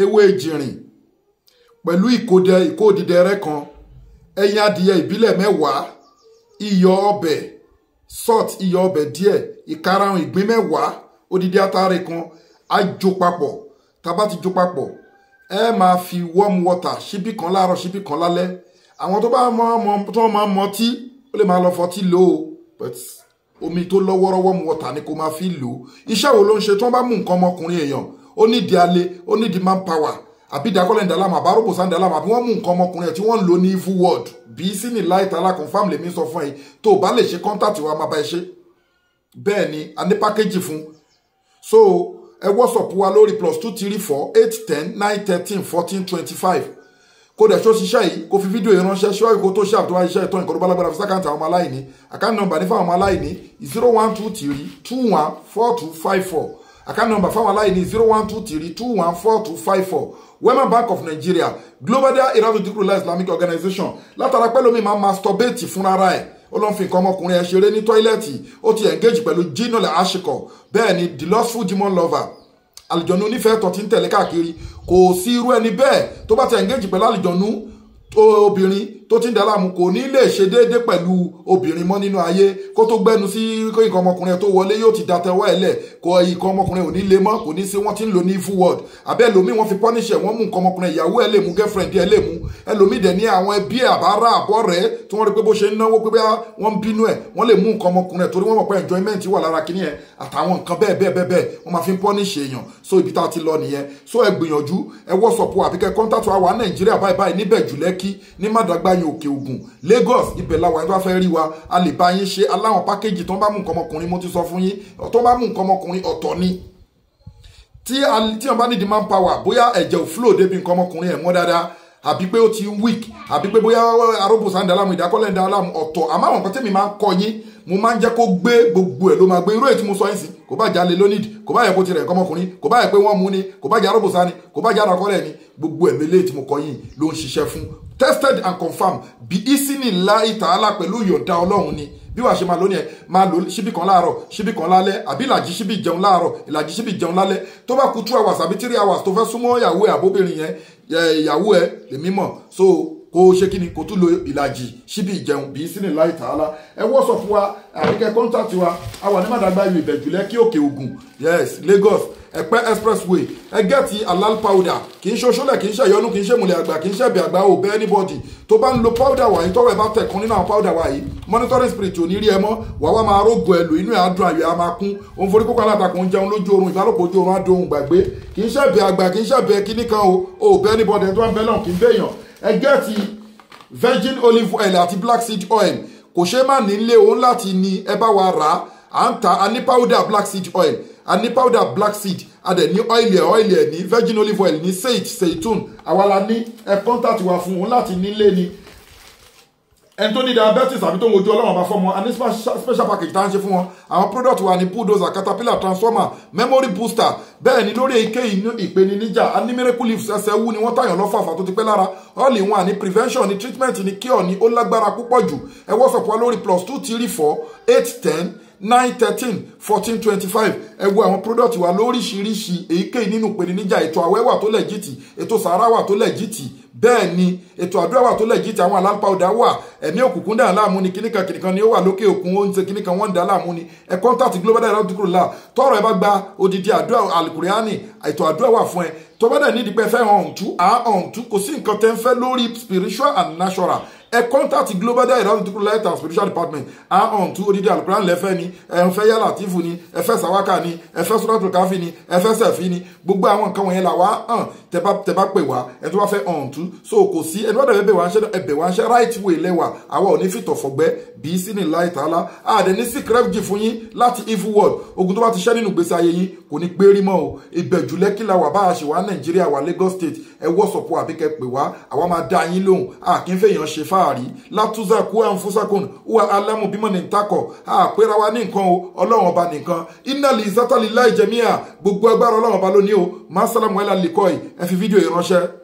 ewé ìjìnrìn pẹ̀lú ìkódẹ ìkódìdẹrẹ́ kan ẹyin adìyẹ ìbílẹ̀ mẹ́wàá iyọ̀ ọbẹ̀ salt iyọ̀ ọbẹ̀ díẹ̀ ìkarahun ìgbín mẹ́wàá odidi atare kan á jó papọ̀ tá a bá ti jó papọ̀ ẹ máa fi warm water ṣíbí kan láàárọ̀ ṣíbí kan lálẹ́ àwọn tó bá máa mọ tí ó lè máa lọ fọtí lò ó but omi tó lọ́wọ́rọ́wọ́ mu water ni kò máa fi lò ó iṣẹ́ wo ló ń ṣe tí wọ́n bá mú nǹkan ọmọkùnrin èèyàn ó nídìí alẹ́ ó nídìí manpower àbí dakọ́lẹ̀ ndàlámà àbáròbò sá ndàlámà àbí wọ́n mú nǹkan ọmọkùnrin ẹ̀ tí wọ́n ń lò ní evil word bí sínú láìta alákùnfàm lèmi sọ fún ẹ tó o bá lè ṣe kọ́ńtàtì wa máa bá ẹ ṣe bẹ́ẹ̀ ni a ní pákéjì fún so ẹ wọ́sọ̀pù wa lórí plus two three four eight ten nine thirteen fourteen twenty five kó dẹ̀ ṣó ṣiṣẹ́ yìí kó fi fídíò yìí ránṣẹ́ ṣíwájú kó tó ṣáà tó wá ṣiṣẹ́ ìtọ́ nǹkan tó bá lágbára fi sákàǹtì àwọn ọmọ aláìní àkáǹtì nọ́mbà ní fáwọn ọmọ aláìní zero one two three two one four two five four account number fáwọn aláìní zero one two three two one four two five four wema bank of nigeria global dahira islamic organization látara pẹ́ lómi máa masturbate fúnra ẹ̀ ó ló ń fi nǹkan ọmọkùnrin ẹ̀ ṣeré ní tọ́ílẹ̀tì ó ti engage pẹ̀lú jinole ashiko bẹ́ẹ̀ ni the lustful demon lover àlìjọ̀nù onífẹ̀ẹ́ tó ti ń tẹ̀lé káàkiri kò sí irú ẹni bẹ́ẹ̀ tó bá ti engage pẹ̀lú àlìjọ̀nù obìnrin tó ti ń dá láàmú kò ní lè ṣe déédé pẹ̀lú obìnrin mọ́ nínú ayé kó tó gbẹ́nu sí nǹkan ọmọkùnrin tó wọlé yóò ti dàtẹ́wọ́ ẹ̀ lẹ̀ kó nǹkan ọmọkùnrin ò ní lè mọ́ kò ní sí wọ́n ti ń lò ní evil word abẹ́ lomi wọ́n fi pọ́níṣẹ̀ wọ́n mú nǹkan ọmọkùnrin ìyàwó ẹ̀ lè mú girlfriend ẹ̀ lè mú ẹlòmí dẹ̀ ní àwọn ẹbí àbárà àbọ̀ rẹ̀ tí wọ́n rí pé bó ṣe náwó pé wọ́n ń bínú ẹ̀ wọ́n lè mú nǹkan ọmọkùnrin torí wọ́n mọ̀ pé enjoyment wà lára kíní ẹ̀ àtàwọn nǹkan bẹ́ẹ̀ bẹ́ẹ̀ bẹ́ẹ̀ bẹ́ẹ̀ wọ́n máa fi ń pọ́níṣì èèyàn so ibi tá a ti lọ nìyẹn so ẹ gbìyànjú ẹ wọ́sọ̀pọ̀ àbíkẹ́ kọ́ńtàtù àwa nàìjíríà báyìí báyìí níbẹ̀ jù lẹ́kí ní mádàgbà ẹ̀yìn òkè ògùn Lagos ibẹ̀ làwọn ẹni tó bá fẹ́ rí wa a lè bá yín ṣe aláwọn pákéjì tó ń bá mú nǹkan ọmọkùnrin mo ti sọ fún yín tó ń bá mú nǹkan ọmọkùnrin ọ̀tọ̀ ni tí wọn bá nídìí manpower bóyá ẹ̀jẹ̀ ò flow débi nǹkan ọmọkùnrin ẹ̀ mọ́ dáadáa àbí pé ó ti weak àbí pé bóyá aróbùsà ń da aláàmù ìdákọ́lẹ̀ ń da aláàmù ọ̀tọ̀ àmọ́ àwọn nǹkan tèmi máa ń kọ yín mo máa ń jẹ́ kó gbé gbogbo ẹ̀ ló máa gbé irú èyí tí mo sọ yín sí kò bá jalè lónìí kò bá yẹ kó tirẹ̀ nǹkan ọmọkùnrin kò bá yẹ pé wọ́n mú ni kò bá jẹ́ aróbùsà ni kò bá jẹ́ àdákọ́lẹ̀ ni gbogbo ẹ̀mí léyìí tí mo kọ yín ló ń ṣiṣẹ́ fún tested and confirmed bí ìsínì ńlá ìtàhálà pẹ̀lú ìyọ̀ǹda ọlọ́run ni bí wàá ṣe máa lónìí ẹ máa lò síbì kan láàárọ̀ síbì kan lálẹ́ àbí ìlàjì síbì jẹun láàárọ̀ ìlàjì síbì jẹun lálẹ́ tó bá ku two hours àbí three hours tó fẹ́ súnmọ́ ìyàwó ẹ àbóbìnrin yẹn ìyàwó ẹ lèmi mọ̀ so kó ṣe kí ni kó tún lo ìlàjì síbi ìjẹun bí sínú láì tààlà ẹ wọ́sọ̀ fún wa àríkẹ́ kọ́ńtàtì wa a wà ní màdàgbà ìlú ìbẹ̀jùlẹ̀ kí òkè ògùn yes Lagos ẹ̀pẹ́ expressway ẹgẹ́ ti alal powder kì í ṣe oṣólẹ̀ kì í ṣe ìyọnu kì í ṣe ìmùlẹ̀ àgbà kì í ṣe ẹ̀bẹ̀ àgbà ò bẹ́ anybody tó bá ń lo powder wàyí tọ́wọ́ ẹ̀ bá tẹ̀ kan nínú àwọn powder wàyí monitoring spirit ò ní rí ẹ mọ́ wà wá máa rógo ẹ̀lò inú ẹ̀ á dùn àyọ̀ ẹ̀ á máa kún òun forí kókó alátakò ń jẹun lójú oorun ìbálòpọ̀ ojú oorun á dùn òun gbàgbé kì í ṣe ẹ̀bẹ̀ àgbà kì í ṣe ẹ̀bẹ̀ kíní anybody ẹ̀ tó ń bẹ́ náà kì í ẹ gẹ́ẹ̀tì virgin olive oil àti black seed oil kò ṣe má nílé òun láti ni ẹ bá wa rà á ń ta a ní powder black seed oil a ní powder black seed a dẹ̀ ní oil ẹ̀ ọ́ìlì ẹ̀ ní virgin olive oil ní sage seitun àwa la ní ẹ kọ́ńtàtì wa fún òun láti nílé ni ẹni tó ní diabetes àbí tó ń wojú ọlọ́wọ́n bá fọ́mọ a ní special package tá à ń ṣe fún wọn àwọn product wa ní bulldozer caterpillar transformer memory booster bẹ́ẹ̀ ni lórí èyíkéyìí ìpèníjà a ní miracle leaves ẹsẹ̀ wú ni wọ́n tàyàn lọ́fàfà tó ti pẹ́ lára all in one ní prevention ní treatment ní cure ní ó lágbára púpọ̀ jù ẹ wọ́sọ̀pọ̀ wa lórí plus two three four eight ten nine thirteen fourteen twenty five ẹ wo àwọn product wa lóríṣiríṣi èyíkéyìí nínú ìpèníjà ètò àwẹ̀ wà tó lẹ̀ jìtì ètò sàárà wà tó lẹ̀ jìtì bẹ́ẹ̀ ni ètò àdúrà wà tó lẹ̀ jí ti àwọn alápàdà wà ẹ̀mí òkùnkùn dà láàmú ni kíníkan kíníkan ni ó wà lókè òkun ó ń ṣe kíníkan wọ́n ń dà láàmú ni ẹ kọ́ńtàtì global dialogue dúkúrò là tọrọ ẹ bá gba odidi àdúrà alukuriani ètò àdúrà wà fún ẹ tó bá dẹ̀ nídìí pé fẹ́ hàn tú à hàn tú kò sí nǹkan tẹ́ ń fẹ́ lórí spiritual and natural ẹ kọ́ńtàtì global dialogue dúkúrò light and spiritual department à hàn tú odidi alukuriani lẹ́fẹ́ ni ẹ ń fẹ́ yálà tìfù ni ẹ fẹ́ sàwákà ni ẹ fẹ́ sọ́dọ̀tò káfí ni ẹ fẹ́ sẹ̀fí ni gbogbo àwọn nǹkan wọ̀nyẹn tú so kò sí ẹnu ọ̀dọ̀ ẹbẹ̀ wá ń ṣe ẹbẹ̀ wá ń ṣe right way lẹ́wà àwa ò ní fìtọ̀ fọ̀gbẹ́ bí í sí ní láì tààlà àdẹ ní sick refuge fún yín láti evil world ogun tó bá ti ṣẹ́ nínú ìgbésí ayé yín kò ní gbérí mọ́ o ìbẹ̀jú lẹ́kí la wà bá a ṣe wà nàìjíríà wà Lagos state ẹ wọ́sọ̀pọ̀ àbí kẹ pè wá àwa máa dá yín lóhùn àkínfẹ̀yàn ṣe fáàrí látúzà kúà ń fúsàkùn wà alámù bímọ ní ntakọ̀ àpérà wa ní nǹkan o ọlọ́run ọba nìkan ìnàlì ìsátàlì láì jẹmíà gbogbo agbára ọlọ́run ọba lónìí o má sálàmù ẹ̀ lálẹ́ kọ́ ẹ̀ ẹ fi fídíò yìí ránṣẹ́.